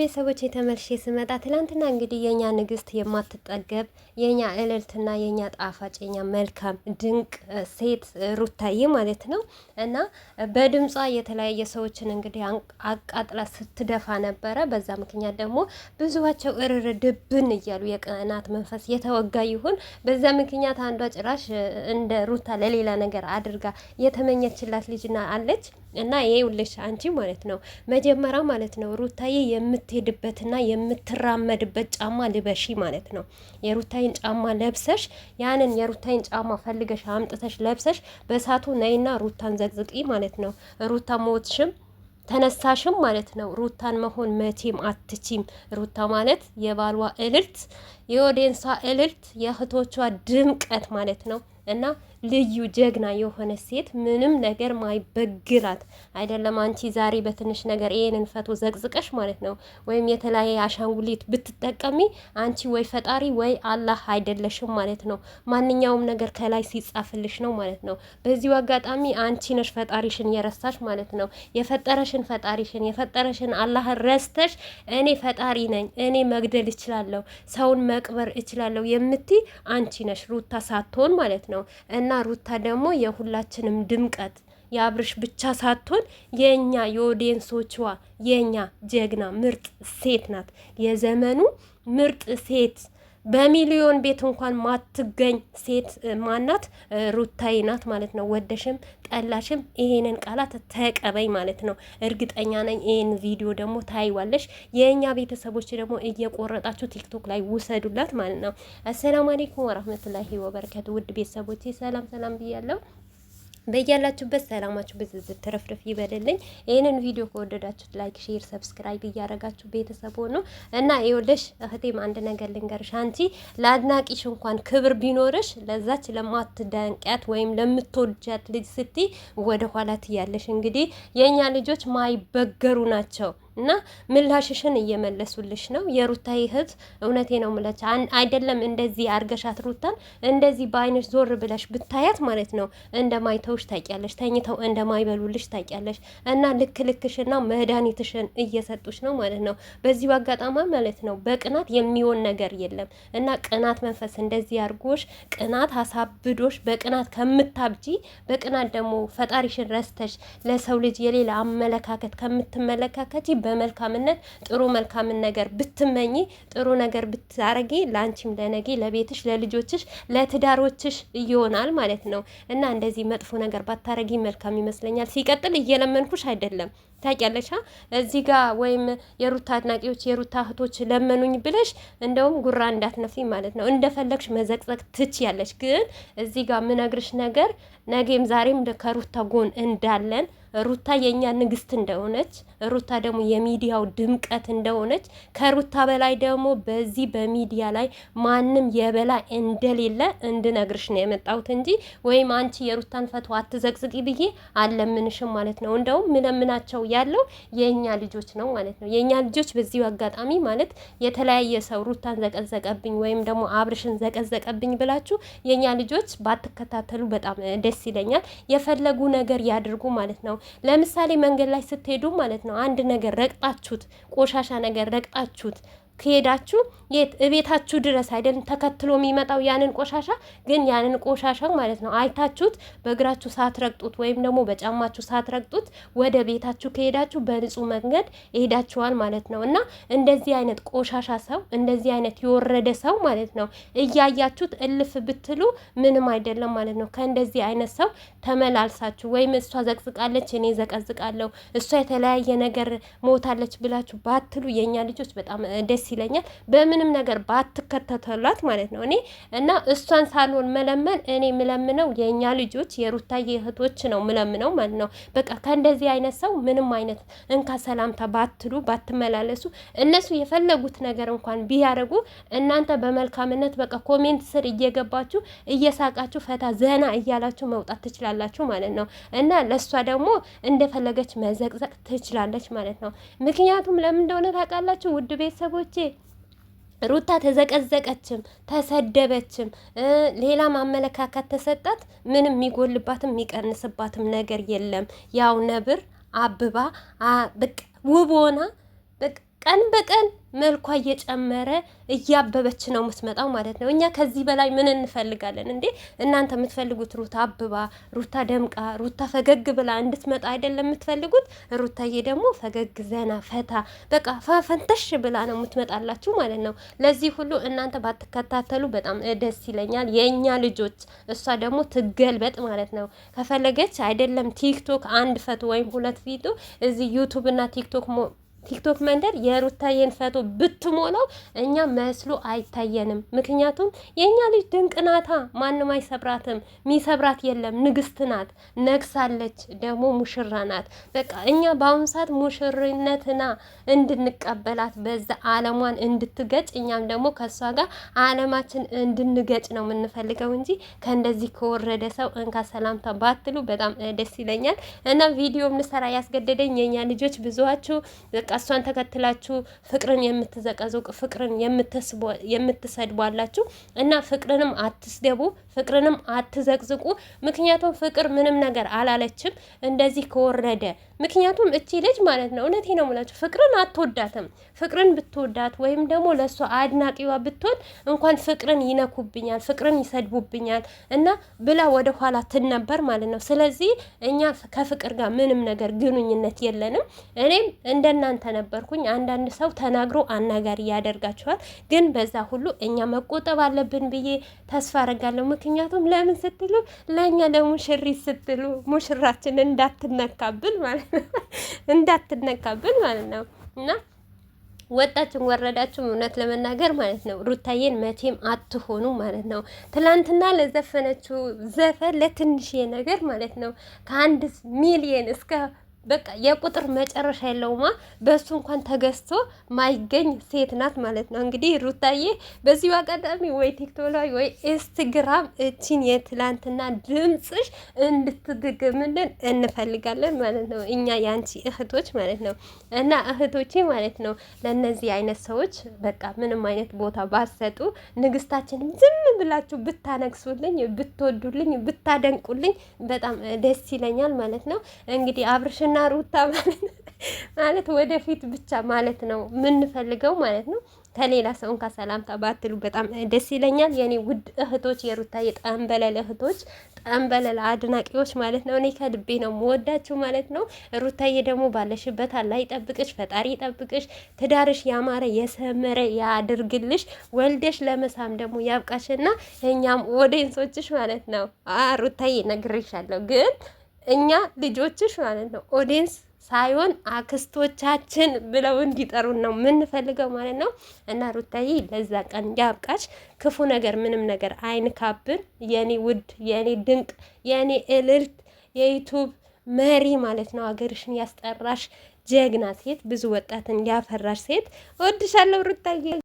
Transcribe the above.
ቤተሰቦች የተመልሼ ስመጣ ትላንትና እንግዲህ የኛ ንግስት የማትጠገብ የኛ እልልትና የኛ ጣፋጭ የኛ መልካም ድንቅ ሴት ሩታዬ ማለት ነው እና በድምጿ የተለያየ ሰዎችን እንግዲህ አቃጥላ ስትደፋ ነበረ። በዛ ምክንያት ደግሞ ብዙዋቸው እርር ድብን እያሉ የቅናት መንፈስ የተወጋ ይሁን በዛ ምክንያት አንዷ ጭራሽ እንደ ሩታ ለሌላ ነገር አድርጋ የተመኘችላት ልጅና አለች እና ይሄ ውልሽ አንቺ ማለት ነው መጀመሪያ ማለት ነው ሩታዬ የምት የምትሄድበትና የምትራመድበት ጫማ ልበሺ ማለት ነው። የሩታይን ጫማ ለብሰሽ ያንን የሩታይን ጫማ ፈልገሽ አምጥተሽ ለብሰሽ በእሳቱ ነይና ሩታን ዘቅዝቂ ማለት ነው። ሩታ ሞትሽም ተነሳሽም ማለት ነው። ሩታን መሆን መቼም አትቺም። ሩታ ማለት የባሏ እልልት፣ የኦዴንሷ እልልት፣ የእህቶቿ ድምቀት ማለት ነው እና ልዩ ጀግና የሆነ ሴት ምንም ነገር ማይበግራት አይደለም። አንቺ ዛሬ በትንሽ ነገር ይሄንን ፈቶ ዘቅዝቀሽ ማለት ነው ወይም የተለያየ አሻንጉሊት ብትጠቀሚ አንቺ ወይ ፈጣሪ ወይ አላህ አይደለሽም ማለት ነው። ማንኛውም ነገር ከላይ ሲጻፍልሽ ነው ማለት ነው። በዚሁ አጋጣሚ አንቺ ነሽ ፈጣሪሽን የረሳሽ ማለት ነው። የፈጠረሽን ፈጣሪሽን የፈጠረሽን አላህ ረስተሽ እኔ ፈጣሪ ነኝ እኔ መግደል እችላለሁ፣ ሰውን መቅበር እችላለሁ የምትይ አንቺ ነሽ ሩታ ሳትሆን ማለት ነው እና ሩታ ደግሞ የሁላችንም ድምቀት የአብርሽ ብቻ ሳትሆን የእኛ የኦዲየንሶችዋ የእኛ ጀግና ምርጥ ሴት ናት። የዘመኑ ምርጥ ሴት በሚሊዮን ቤት እንኳን ማትገኝ ሴት ማናት? ሩታዬ ናት ማለት ነው። ወደሽም ጠላሽም ይሄንን ቃላት ተቀበይ ማለት ነው። እርግጠኛ ነኝ ይሄን ቪዲዮ ደግሞ ታይዋለሽ። የእኛ ቤተሰቦች ደግሞ እየቆረጣችሁ ቲክቶክ ላይ ውሰዱላት ማለት ነው። አሰላሙ አሌይኩም ወረህመቱላሂ ወበረከቱ። ውድ ቤተሰቦች ሰላም ሰላም ብያለሁ። በያላችሁበት ሰላማችሁ ብዝዝት ትርፍርፍ ይበልልኝ። ይህንን ቪዲዮ ከወደዳችሁት ላይክ፣ ሼር፣ ሰብስክራይብ እያደረጋችሁ ቤተሰብ ሆኖ እና ይኸውልሽ እህቴም አንድ ነገር ልንገርሽ። አንቺ ለአድናቂሽ እንኳን ክብር ቢኖርሽ ለዛች ለማትደንቂያት ወይም ለምትወጃት ልጅ ስትይ ወደ ኋላት ትያለሽ። እንግዲህ የእኛ ልጆች ማይበገሩ ናቸው። እና ምላሽሽን እየመለሱልሽ ነው። የሩታ ይህት እውነቴ ነው ምለች አይደለም እንደዚህ አርገሻት ሩታን እንደዚህ በአይነሽ ዞር ብለሽ ብታያት ማለት ነው እንደማይተውሽ ታውቂያለሽ፣ ተኝተው እንደማይበሉልሽ ታውቂያለሽ። እና ልክ ልክሽና መድኃኒትሽን እየሰጡሽ ነው ማለት ነው። በዚሁ አጋጣሚ ማለት ነው በቅናት የሚሆን ነገር የለም እና ቅናት መንፈስ እንደዚህ አርጎሽ ቅናት አሳብዶሽ በቅናት ከምታብጂ በቅናት ደግሞ ፈጣሪሽን ረስተሽ ለሰው ልጅ የሌላ አመለካከት ከምትመለካከች በመልካምነት ጥሩ መልካምን ነገር ብትመኝ ጥሩ ነገር ብታረጊ ለአንቺም ለነጌ ለቤትሽ ለልጆችሽ ለትዳሮችሽ ይሆናል ማለት ነው እና እንደዚህ መጥፎ ነገር ባታረጊ መልካም ይመስለኛል። ሲቀጥል እየለመንኩሽ አይደለም ታውቂያለሽ። እዚህ ጋር ወይም የሩታ አድናቂዎች የሩታ እህቶች ለመኑኝ ብለሽ እንደውም ጉራ እንዳትነፊ ማለት ነው። እንደፈለግሽ መዘቅዘቅ ትችያለሽ። ግን እዚህ ጋር ምነግርሽ ነገር ነገም ዛሬም ከሩታ ጎን እንዳለን ሩታ የእኛ ንግስት እንደሆነች ሩታ ደግሞ የሚዲያው ድምቀት እንደሆነች ከሩታ በላይ ደግሞ በዚህ በሚዲያ ላይ ማንም የበላይ እንደሌለ እንድነግርሽ ነው የመጣሁት እንጂ ወይም አንቺ የሩታን ፈቶ አትዘቅዝቂ ብዬ አለምንሽም ማለት ነው። እንደውም ምለምናቸው ያለው የእኛ ልጆች ነው ማለት ነው። የእኛ ልጆች በዚሁ አጋጣሚ ማለት የተለያየ ሰው ሩታን ዘቀዘቀብኝ ወይም ደግሞ አብርሽን ዘቀዘቀብኝ ብላችሁ የእኛ ልጆች ባትከታተሉ በጣም ደስ ይለኛል። የፈለጉ ነገር ያድርጉ ማለት ነው። ለምሳሌ መንገድ ላይ ስትሄዱ ማለት ነው አንድ ነገር ረግጣችሁት፣ ቆሻሻ ነገር ረግጣችሁት ከሄዳችሁ የት እቤታችሁ ድረስ አይደለም ተከትሎ የሚመጣው ያንን ቆሻሻ። ግን ያንን ቆሻሻ ማለት ነው አይታችሁት በእግራችሁ ሳትረግጡት ወይም ደግሞ በጫማችሁ ሳትረግጡት ወደ ቤታችሁ ከሄዳችሁ በንጹህ መንገድ ሄዳችኋል ማለት ነው። እና እንደዚህ አይነት ቆሻሻ ሰው እንደዚህ አይነት የወረደ ሰው ማለት ነው እያያችሁት እልፍ ብትሉ ምንም አይደለም ማለት ነው። ከእንደዚህ አይነት ሰው ተመላልሳችሁ ወይም እሷ ዘቅዝቃለች እኔ ዘቀዝቃለሁ፣ እሷ የተለያየ ነገር ሞታለች ብላችሁ ባትሉ የእኛ ልጆች በጣም ደስ ደስ ይለኛል። በምንም ነገር ባትከተተላት ማለት ነው እኔ እና እሷን ሳልሆን መለመን እኔ ምለምነው የእኛ ልጆች የሩታዬ እህቶች ነው ምለምነው ማለት ነው። በቃ ከእንደዚህ አይነት ሰው ምንም አይነት እንካ ሰላምታ ባትሉ ባትመላለሱ፣ እነሱ የፈለጉት ነገር እንኳን ቢያደርጉ እናንተ በመልካምነት በቃ ኮሜንት ስር እየገባችሁ እየሳቃችሁ ፈታ ዘና እያላችሁ መውጣት ትችላላችሁ ማለት ነው እና ለእሷ ደግሞ እንደፈለገች መዘቅዘቅ ትችላለች ማለት ነው። ምክንያቱም ለምን እንደሆነ ታውቃላችሁ ውድ ቤተሰቦች መቼ ሩታ ተዘቀዘቀችም ተሰደበችም ሌላም አመለካከት ተሰጣት፣ ምንም የሚጎልባትም የሚቀንስባትም ነገር የለም። ያው ነብር አብባ በቃ ውብ ሆና ቀን በቀን መልኳ እየጨመረ እያበበች ነው የምትመጣው ማለት ነው። እኛ ከዚህ በላይ ምን እንፈልጋለን እንዴ? እናንተ የምትፈልጉት ሩታ አብባ፣ ሩታ ደምቃ፣ ሩታ ፈገግ ብላ እንድትመጣ አይደለም የምትፈልጉት? ሩታዬ ደግሞ ፈገግ ዘና ፈታ በቃ ፈንተሽ ብላ ነው የምትመጣላችሁ ማለት ነው። ለዚህ ሁሉ እናንተ ባትከታተሉ በጣም ደስ ይለኛል፣ የእኛ ልጆች። እሷ ደግሞ ትገልበጥ ማለት ነው። ከፈለገች አይደለም ቲክቶክ አንድ ፈቱ ወይም ሁለት ፊቱ እዚህ ዩቱብ እና ቲክቶክ ቲክቶክ መንደር የሩታዬን ፈቶ ብትሞላው እኛ መስሎ አይታየንም። ምክንያቱም የእኛ ልጅ ድንቅ ናታ፣ ማንም አይሰብራትም። ሚሰብራት የለም። ንግስት ናት፣ ነግሳለች፣ ደግሞ ሙሽራ ናት። በቃ እኛ በአሁኑ ሰዓት ሙሽርነትና እንድንቀበላት በዛ አለሟን እንድትገጭ እኛም ደግሞ ከእሷ ጋር አለማችን እንድንገጭ ነው የምንፈልገው እንጂ ከእንደዚህ ከወረደ ሰው እንካ ሰላምታ ባትሉ በጣም ደስ ይለኛል። እና ቪዲዮ ምንሰራ ያስገደደኝ የእኛ ልጆች ብዙዋችሁ እሷን ተከትላችሁ ፍቅርን የምትዘቀዝቁ ፍቅርን የምትሰድቧላችሁ እና ፍቅርንም አትስደቡ፣ ፍቅርንም አትዘቅዝቁ። ምክንያቱም ፍቅር ምንም ነገር አላለችም እንደዚህ ከወረደ ምክንያቱም እቺ ልጅ ማለት ነው እውነቴ ነው የምላችሁ ፍቅርን አትወዳትም። ፍቅርን ብትወዳት ወይም ደግሞ ለእሷ አድናቂዋ ብትሆን እንኳን ፍቅርን ይነኩብኛል፣ ፍቅርን ይሰድቡብኛል እና ብላ ወደ ኋላ ትነበር ማለት ነው። ስለዚህ እኛ ከፍቅር ጋር ምንም ነገር ግንኙነት የለንም። እኔም እንደናንተ እናንተ ነበርኩኝ። አንዳንድ ሰው ተናግሮ አናጋሪ ያደርጋችኋል። ግን በዛ ሁሉ እኛ መቆጠብ አለብን ብዬ ተስፋ አረጋለሁ። ምክንያቱም ለምን ስትሉ ለእኛ ለሙሽሪት ስትሉ ሙሽራችን እንዳትነካብን ማለት ነው እንዳትነካብን ማለት ነው እና ወጣችን ወረዳችሁም እውነት ለመናገር ማለት ነው ሩታዬን መቼም አትሆኑ ማለት ነው። ትላንትና ለዘፈነችው ዘፈን ለትንሽ ነገር ማለት ነው ከአንድ ሚሊየን እስከ በቃ የቁጥር መጨረሻ የለውማ። በእሱ እንኳን ተገዝቶ ማይገኝ ሴት ናት ማለት ነው። እንግዲህ ሩታዬ በዚሁ አጋጣሚ ወይ ቲክቶክ ላይ ወይ ኢንስትግራም እቺን የትላንትና ድምፅሽ እንድትድግምልን እንፈልጋለን ማለት ነው። እኛ የአንቺ እህቶች ማለት ነው እና እህቶቼ ማለት ነው ለእነዚህ አይነት ሰዎች በቃ ምንም አይነት ቦታ ባሰጡ ንግስታችን ዝም ብላችሁ ብታነግሱልኝ፣ ብትወዱልኝ፣ ብታደንቁልኝ በጣም ደስ ይለኛል ማለት ነው እንግዲህ አብርሽን እና ሩታ ማለት ማለት ወደፊት ብቻ ማለት ነው የምንፈልገው ማለት ነው። ከሌላ ሰውን ከሰላምታ ባትሉ በጣም ደስ ይለኛል። የኔ ውድ እህቶች፣ የሩታ የጠንበለል እህቶች፣ ጠንበለል አድናቂዎች ማለት ነው። እኔ ከልቤ ነው የምወዳችሁ ማለት ነው። ሩታዬ ደግሞ ባለሽበት አላህ ይጠብቅሽ፣ ፈጣሪ ይጠብቅሽ፣ ትዳርሽ ያማረ የሰመረ ያድርግልሽ፣ ወልደሽ ለመሳም ደግሞ ያብቃሽና እኛም ወደ እንሶችሽ ማለት ነው። ሩታዬ ነግሬሻለሁ ግን እኛ ልጆችሽ ማለት ነው ኦዲንስ ሳይሆን አክስቶቻችን ብለው እንዲጠሩን ነው የምንፈልገው ማለት ነው። እና ሩታዬ ለዛ ቀን ያብቃሽ። ክፉ ነገር ምንም ነገር አይንካብን። የኔ ውድ፣ የኔ ድንቅ፣ የኔ እልልት፣ የዩቱብ መሪ ማለት ነው። ሀገርሽን ያስጠራሽ ጀግና ሴት፣ ብዙ ወጣትን ያፈራሽ ሴት። እወድሻለሁ ሩታዬ።